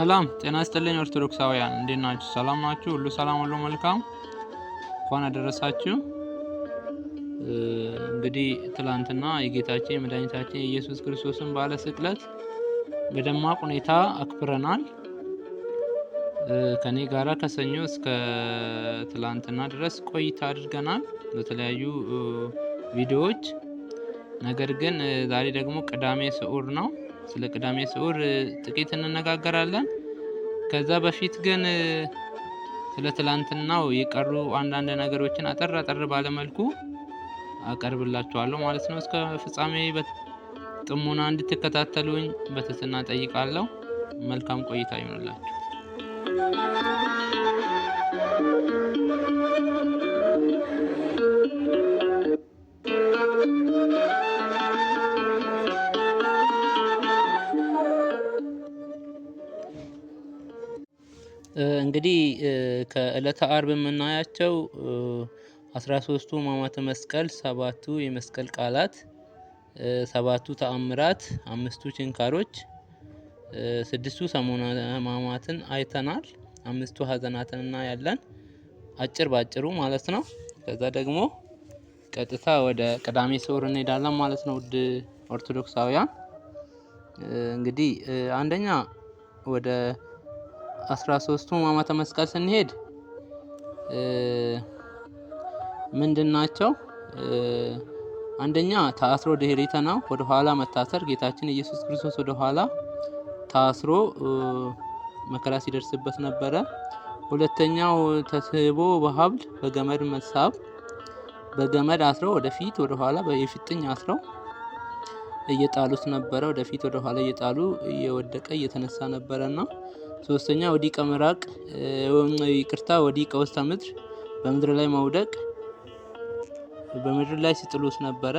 ሰላም ጤና ይስጥልኝ ኦርቶዶክሳውያን፣ እንዴት ናችሁ? ሰላም ናችሁ? ሁሉ ሰላም፣ ሁሉ መልካም። እንኳን አደረሳችሁ። እንግዲህ ትላንትና የጌታችን የመድኃኒታችን የኢየሱስ ክርስቶስን በዓለ ስቅለት በደማቅ ሁኔታ አክብረናል። ከኔ ጋራ ከሰኞ እስከ ትላንትና ድረስ ቆይታ አድርገናል በተለያዩ ቪዲዮዎች። ነገር ግን ዛሬ ደግሞ ቅዳሜ ስዑር ነው። ስለ ቅዳሜ ስዑር ጥቂት እንነጋገራለን። ከዛ በፊት ግን ስለ ትላንትናው የቀሩ አንዳንድ ነገሮችን አጠር አጠር ባለመልኩ አቀርብላችኋለሁ ማለት ነው። እስከ ፍጻሜ በጥሞና እንድትከታተሉኝ በትህትና ጠይቃለሁ። መልካም ቆይታ ይሆንላችሁ። እንግዲህ ከእለተ አርብ የምናያቸው አስራ ሶስቱ ሕማማተ መስቀል፣ ሰባቱ የመስቀል ቃላት፣ ሰባቱ ተአምራት፣ አምስቱ ችንካሮች፣ ስድስቱ ሰሙነ ሕማማትን አይተናል። አምስቱ ሀዘናትን እናያለን አጭር ባጭሩ ማለት ነው። ከዛ ደግሞ ቀጥታ ወደ ቅዳሜ ስዑር እንሄዳለን ማለት ነው። ውድ ኦርቶዶክሳውያን እንግዲህ አንደኛ ወደ 13ቱ ሕማማተ መስቀል ስንሄድ ምንድን ናቸው? አንደኛ ታስሮ ነው፣ ወደ ኋላ መታሰር፣ ጌታችን ኢየሱስ ክርስቶስ ወደ ኋላ ታስሮ መከራ ሲደርስበት ነበረ። ሁለተኛው ተስቦ በሀብል በገመድ መሳብ፣ በገመድ አስረው ወደፊት ወደ ኋላ የፊጥኝ አስረው እየጣሉት ነበረ። ወደፊት ወደ ኋላ እየጣሉ እየወደቀ እየተነሳ ነበረና ሶስተኛ ወዲቀ ምራቅ ይቅርታ፣ ወዲቀ ውስተ ምድር በምድር ላይ መውደቅ በምድር ላይ ሲጥሉት ነበረ።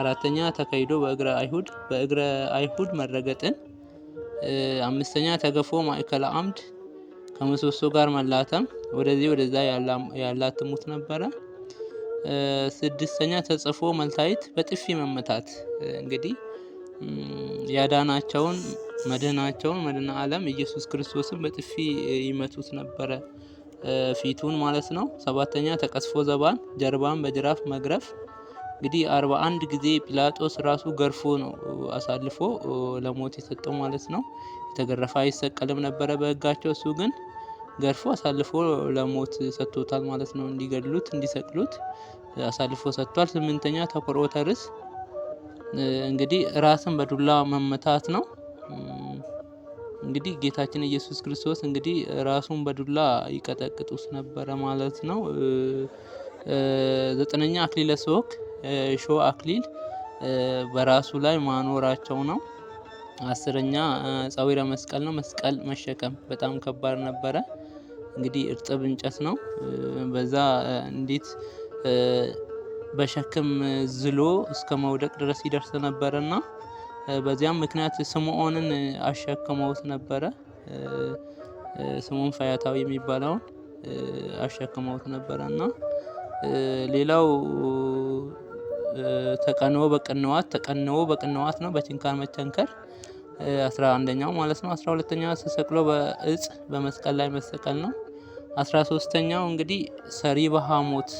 አራተኛ ተካሂዶ በእግረ አይሁድ በእግረ አይሁድ መረገጥን። አምስተኛ ተገፎ ማእከለ አምድ ከምሰሶ ጋር መላተም ወደዚህ ወደዛ ያላትሙት ነበረ። ስድስተኛ ተጽፎ መልታይት በጥፊ መመታት እንግዲህ ያዳናቸውን መድህናቸውን መድህና ዓለም ኢየሱስ ክርስቶስን በጥፊ ይመቱት ነበረ፣ ፊቱን ማለት ነው። ሰባተኛ ተቀስፎ ዘባን ጀርባን በጅራፍ መግረፍ። እንግዲህ አርባ አንድ ጊዜ ጲላጦስ ራሱ ገርፎ ነው አሳልፎ ለሞት የሰጠው ማለት ነው። የተገረፈ አይሰቀልም ነበረ በህጋቸው እሱ ግን ገርፎ አሳልፎ ለሞት ሰጥቶታል ማለት ነው። እንዲገድሉት እንዲሰቅሉት አሳልፎ ሰጥቷል። ስምንተኛ ተቆሮተ ርስ እንግዲህ ራስን በዱላ መመታት ነው። እንግዲህ ጌታችን ኢየሱስ ክርስቶስ እንግዲህ ራሱን በዱላ ይቀጠቅጡት ነበረ ማለት ነው። ዘጠነኛ አክሊለ ሦክ ሾ አክሊል በራሱ ላይ ማኖራቸው ነው። አስረኛ ጻዊረ መስቀል ነው። መስቀል መሸከም በጣም ከባድ ነበረ። እንግዲህ እርጥብ እንጨት ነው። በዛ እንዴት በሸክም ዝሎ እስከ መውደቅ ድረስ ይደርስ ነበረና በዚያም ምክንያት ስምዖንን አሸክመውት ነበረ። ስምዖን ፈያታዊ የሚባለውን አሸክመውት ነበረ እና ሌላው ተቀንዎ በቅንዋት ተቀንዎ በቅንዋት ነው በችንካር መቸንከር አስራ አንደኛው ማለት ነው። አስራ ሁለተኛው ተሰቅሎ በእጽ በመስቀል ላይ መሰቀል ነው። አስራ ሶስተኛው እንግዲህ ሰሪበ ሐሞት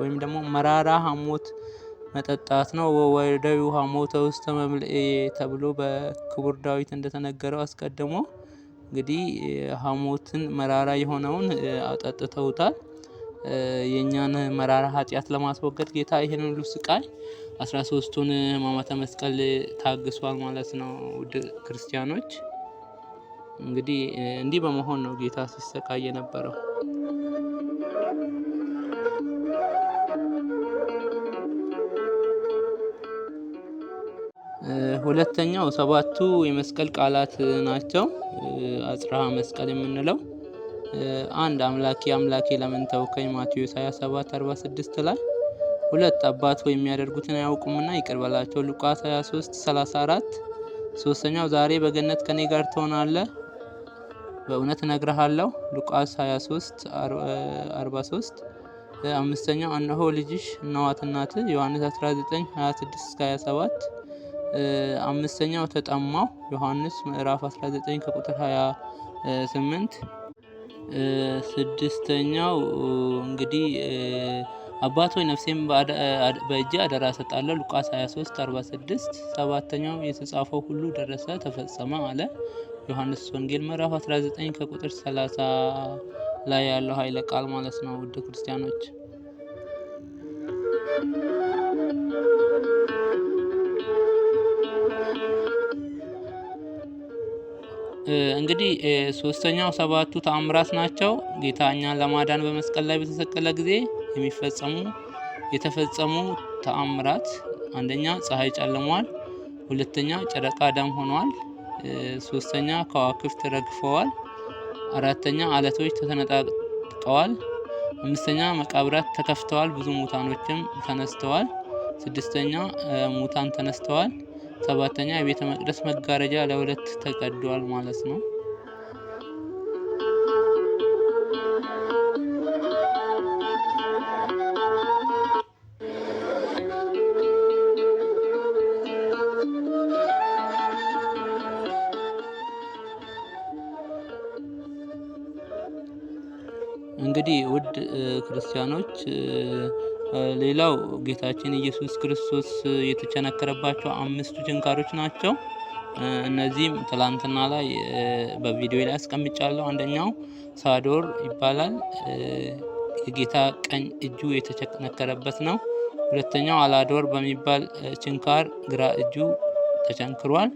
ወይም ደግሞ መራራ ሐሞት መጠጣት ነው። ውሃ ሞተ ውስተ መምልኤ ተብሎ በክቡር ዳዊት እንደተነገረው አስቀድሞ እንግዲህ ሐሞትን መራራ የሆነውን አጠጥተውታል። የእኛን መራራ ኃጢአት ለማስወገድ ጌታ ይህን ሁሉ ስቃይ 13ቱን ሕማማተ መስቀል ታግሷል ማለት ነው። ውድ ክርስቲያኖች እንግዲህ እንዲህ በመሆን ነው ጌታ ሲሰቃይ የነበረው። ሁለተኛው ሰባቱ የመስቀል ቃላት ናቸው። አጽርሐ መስቀል የምንለው አንድ አምላኬ አምላኬ ለምን ተውከኝ ማቴዎስ 27 46 ላይ ሁለት አባት ሆይ የሚያደርጉትን አያውቁምና ይቅር በላቸው ሉቃስ 23 34 ሶስተኛው ዛሬ በገነት ከኔ ጋር ትሆናለህ በእውነት እነግርሃለሁ ሉቃስ 23 43 አምስተኛው እነሆ ልጅሽ እነኋት ዮሐንስ 19 26 27 አምስተኛው ተጠማው ዮሐንስ ምዕራፍ 19 ከቁጥር 28። ስድስተኛው እንግዲህ አባት ሆይ ነፍሴም በእጅ አደራ ሰጣለሁ ሉቃስ 23 46። ሰባተኛው የተጻፈው ሁሉ ደረሰ ተፈጸመ አለ ዮሐንስ ወንጌል ምዕራፍ 19 ከቁጥር 30 ላይ ያለው ኃይለ ቃል ማለት ነው። ውድ ክርስቲያኖች እንግዲህ ሶስተኛው ሰባቱ ተአምራት ናቸው። ጌታ እኛን ለማዳን በመስቀል ላይ በተሰቀለ ጊዜ የሚፈጸሙ የተፈጸሙ ተአምራት፣ አንደኛ ፀሐይ ጨልሟል፣ ሁለተኛ ጨረቃ ደም ሆኗል፣ ሶስተኛ ከዋክብት ረግፈዋል፣ አራተኛ አለቶች ተሰነጣጥቀዋል፣ አምስተኛ መቃብራት ተከፍተዋል፣ ብዙ ሙታኖችም ተነስተዋል፣ ስድስተኛ ሙታን ተነስተዋል። ሰባተኛ የቤተ መቅደስ መጋረጃ ለሁለት ተቀዷል ማለት ነው። እንግዲህ ውድ ክርስቲያኖች ሌላው ጌታችን ኢየሱስ ክርስቶስ የተቸነከረባቸው አምስቱ ችንካሮች ናቸው። እነዚህም ትላንትና ላይ በቪዲዮ ላይ አስቀምጫለሁ። አንደኛው ሳዶር ይባላል። የጌታ ቀኝ እጁ የተቸነከረበት ነው። ሁለተኛው አላዶር በሚባል ችንካር ግራ እጁ ተቸንክሯል።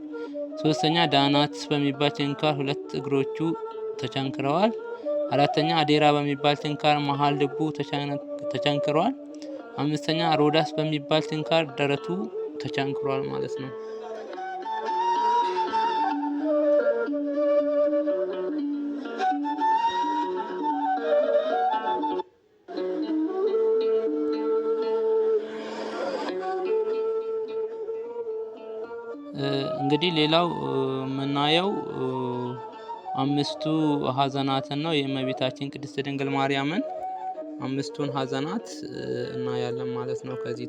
ሶስተኛ ዳናት በሚባል ችንካር ሁለት እግሮቹ ተቸንክረዋል። አራተኛ አዴራ በሚባል ችንካር መሀል ልቡ ተቸንክሯል። አምስተኛ ሮዳስ በሚባል ትንካር ደረቱ ተቻንክሯል ማለት ነው። እንግዲህ ሌላው የምናየው አምስቱ ሀዘናትን ነው የእመቤታችን ቅድስት ድንግል ማርያምን አምስቱን ሀዘናት እናያለን ማለት ነው። ከዚህ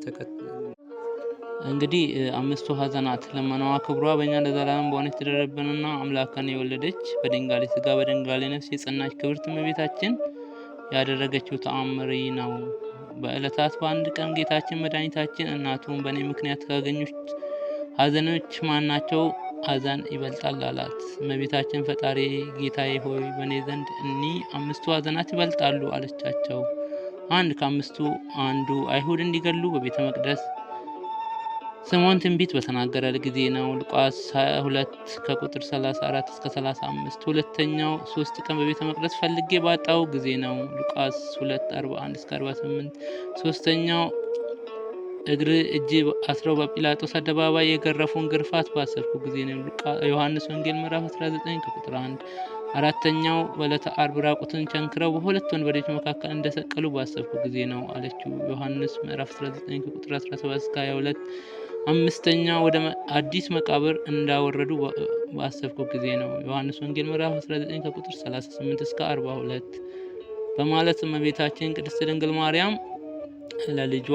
እንግዲህ አምስቱ ሀዘናት ለመናዋ ክብሯ በእኛ ለዘላለም በሆነች የተደረብንና አምላክን የወለደች በድንጋሌ ስጋ በድንጋሌ ነፍስ የጸናች ክብርት እመቤታችን ያደረገችው ተአምሪ ነው። በዕለታት በአንድ ቀን ጌታችን መድኃኒታችን እናቱን በእኔ ምክንያት ካገኙች ሀዘኖች ማናቸው ሀዘን ይበልጣል አላት። እመቤታችን ፈጣሪ ጌታዬ ሆይ በእኔ ዘንድ እኒህ አምስቱ ሀዘናት ይበልጣሉ አለቻቸው። አንድ ከአምስቱ አንዱ አይሁድ እንዲገሉ በቤተ መቅደስ ስምዖን ትንቢት በተናገረ ጊዜ ነው። ሉቃስ 22 ከቁጥር 34 እስከ 35። ሁለተኛው ሶስት ቀን በቤተ መቅደስ ፈልጌ ባጣው ጊዜ ነው። ሉቃስ 2 41 እስከ 48። ሶስተኛው እግር እጅ አስረው በጲላጦስ አደባባይ የገረፉን ግርፋት ባሰብኩ ጊዜ ነው። ዮሐንስ ወንጌል ምዕራፍ 19 ከቁጥር 1 አራተኛው ወለተ አርብ ራቁትን ቸንክረው በሁለት ወንበዴች መካከል እንደሰቀሉ ባሰብኩ ጊዜ ነው አለችው። ዮሐንስ ምዕራፍ 19 ቁጥር 17 እስከ 22። አምስተኛ ወደ አዲስ መቃብር እንዳወረዱ ባሰብኩ ጊዜ ነው ዮሐንስ ወንጌል ምዕራፍ 19 ከቁጥር 38 እስከ 42 በማለት እመቤታችን ቅድስት ድንግል ማርያም ለልጇ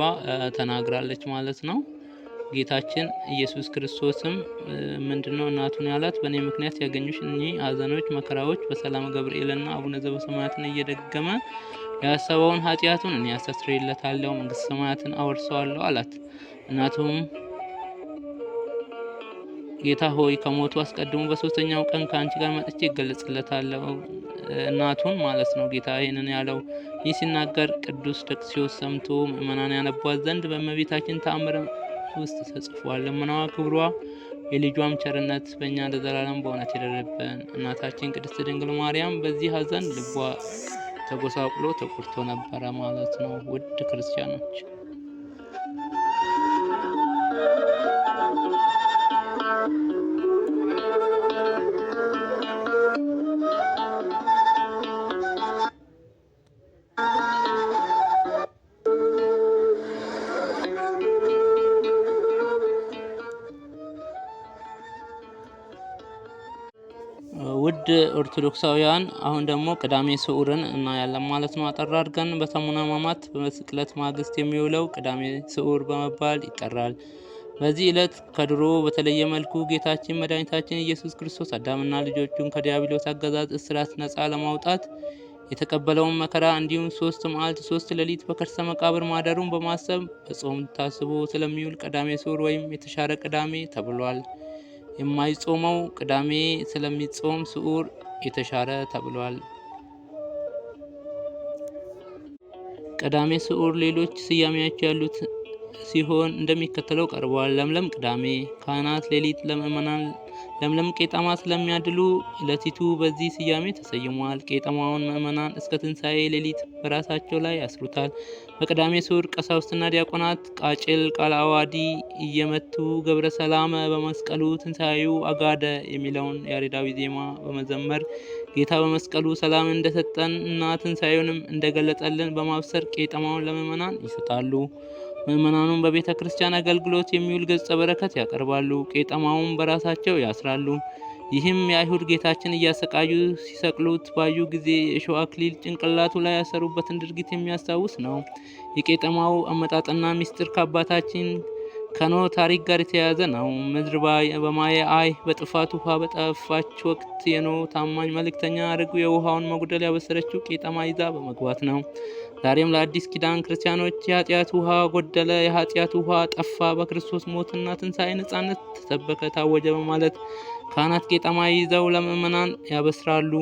ተናግራለች ማለት ነው። ጌታችን ኢየሱስ ክርስቶስም ምንድነው እናቱን ያላት በእኔ ምክንያት ያገኙሽ እኚህ ሐዘኖች፣ መከራዎች በሰላም ገብርኤልና አቡነ ዘበሰማያትን እየደገመ ያሰበውን ኃጢአቱን እኔ ያስተሰርይለታለሁ፣ መንግስተ ሰማያትን አወርሰዋለሁ አላት። እናቱም ጌታ ሆይ ከሞቱ አስቀድሞ በሶስተኛው ቀን ከአንቺ ጋር መጥቼ ይገለጽለታለሁ። እናቱን ማለት ነው ጌታ ይህንን ያለው። ይህ ሲናገር ቅዱስ ደቅሲዮስ ሰምቶ ምእመናን ያነቧት ዘንድ በእመቤታችን ተአምረ ውስጥ ተጽፏል። ልመናዋ ክብሯ የልጇም ቸርነት በእኛ ለዘላለም በእውነት ይደርብን። እናታችን ቅድስት ድንግል ማርያም በዚህ ሀዘን ልቧ ተጎሳቁሎ ተቆርቶ ነበረ ማለት ነው። ውድ ክርስቲያኖች ውድ ኦርቶዶክሳውያን አሁን ደግሞ ቅዳሜ ስዑርን እናያለን ማለት ነው። አጠር አድርገን በሰሙነ ሕማማት በመስቅለት ማግስት የሚውለው ቅዳሜ ስዑር በመባል ይጠራል። በዚህ ዕለት ከድሮ በተለየ መልኩ ጌታችን መድኃኒታችን ኢየሱስ ክርስቶስ አዳምና ልጆቹን ከዲያብሎስ አገዛዝ እስራት ነፃ ለማውጣት የተቀበለውን መከራ እንዲሁም ሶስት መዓልት ሶስት ሌሊት በከርሰ መቃብር ማደሩን በማሰብ በጾም ታስቦ ስለሚውል ቅዳሜ ስዑር ወይም የተሻረ ቅዳሜ ተብሏል። የማይጾመው ቅዳሜ ስለሚጾም ስዑር የተሻረ ተብሏል። ቅዳሜ ስዑር ሌሎች ስያሜዎች ያሉት ሲሆን እንደሚከተለው ቀርቧል። ለምለም ቅዳሜ ካህናት ሌሊት ለምእመናን ለምለም ቄጠማ ስለሚያድሉ ዕለቲቱ በዚህ ስያሜ ተሰይሟል። ቄጠማውን ምዕመናን እስከ ትንሣኤ ሌሊት በራሳቸው ላይ ያስሩታል። በቅዳሜ ስዑር ቀሳውስትና ዲያቆናት ቃጭል ቃለ አዋዲ እየመቱ ገብረ ሰላመ በመስቀሉ ትንሣኤው አጋደ የሚለውን ያሬዳዊ ዜማ በመዘመር ጌታ በመስቀሉ ሰላም እንደሰጠን እና ትንሣኤውንም እንደገለጠልን በማብሰር ቄጠማውን ለምዕመናን ይሰጣሉ። ምዕመናኑን በቤተ ክርስቲያን አገልግሎት የሚውል ገጸ በረከት ያቀርባሉ፣ ቄጠማውን በራሳቸው ያስራሉ። ይህም የአይሁድ ጌታችን እያሰቃዩ ሲሰቅሉት ባዩ ጊዜ የእሾህ አክሊል ጭንቅላቱ ላይ ያሰሩበትን ድርጊት የሚያስታውስ ነው። የቄጠማው አመጣጥና ምስጢር ከአባታችን ከኖ ታሪክ ጋር የተያያዘ ነው። ምድር በማየ አይ በጥፋት ውሃ በጠፋች ወቅት የኖ ታማኝ መልእክተኛ አድርጉ የውሃውን መጉደል ያበሰረችው ቄጠማ ይዛ በመግባት ነው። ዛሬም ለአዲስ ኪዳን ክርስቲያኖች የኃጢአት ውሃ ጎደለ፣ የኃጢአት ውሃ ጠፋ፣ በክርስቶስ ሞትና ትንሣኤ ነጻነት ተሰበከ፣ ታወጀ በማለት ካህናት ቄጠማ ይዘው ለምእመናን ያበስራሉ።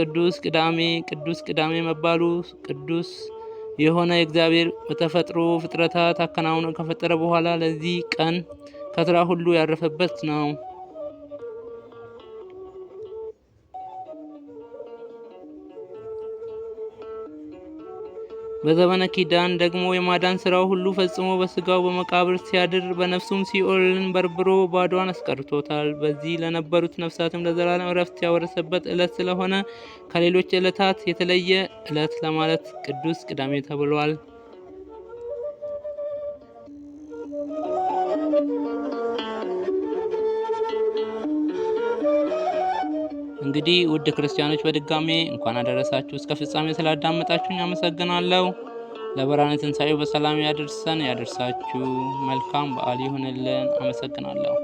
ቅዱስ ቅዳሜ ቅዱስ ቅዳሜ መባሉ ቅዱስ የሆነ እግዚአብሔር በተፈጥሮ ፍጥረታት አከናውኖ ከፈጠረ በኋላ ለዚህ ቀን ከስራ ሁሉ ያረፈበት ነው። በዘመነ ኪዳን ደግሞ የማዳን ስራው ሁሉ ፈጽሞ በስጋው በመቃብር ሲያድር በነፍሱም ሲኦልን በርብሮ ባዷን አስቀርቶታል። በዚህ ለነበሩት ነፍሳትም ለዘላለም እረፍት ያወረሰበት ዕለት ስለሆነ ከሌሎች ዕለታት የተለየ ዕለት ለማለት ቅዱስ ቅዳሜ ተብሏል። እንግዲህ ውድ ክርስቲያኖች በድጋሜ እንኳን አደረሳችሁ። እስከ ፍጻሜ ስላዳመጣችሁኝ አመሰግናለሁ። ለብርሃነ ትንሣኤው በሰላም ያደርሰን ያደርሳችሁ። መልካም በዓል ይሁንልን። አመሰግናለሁ።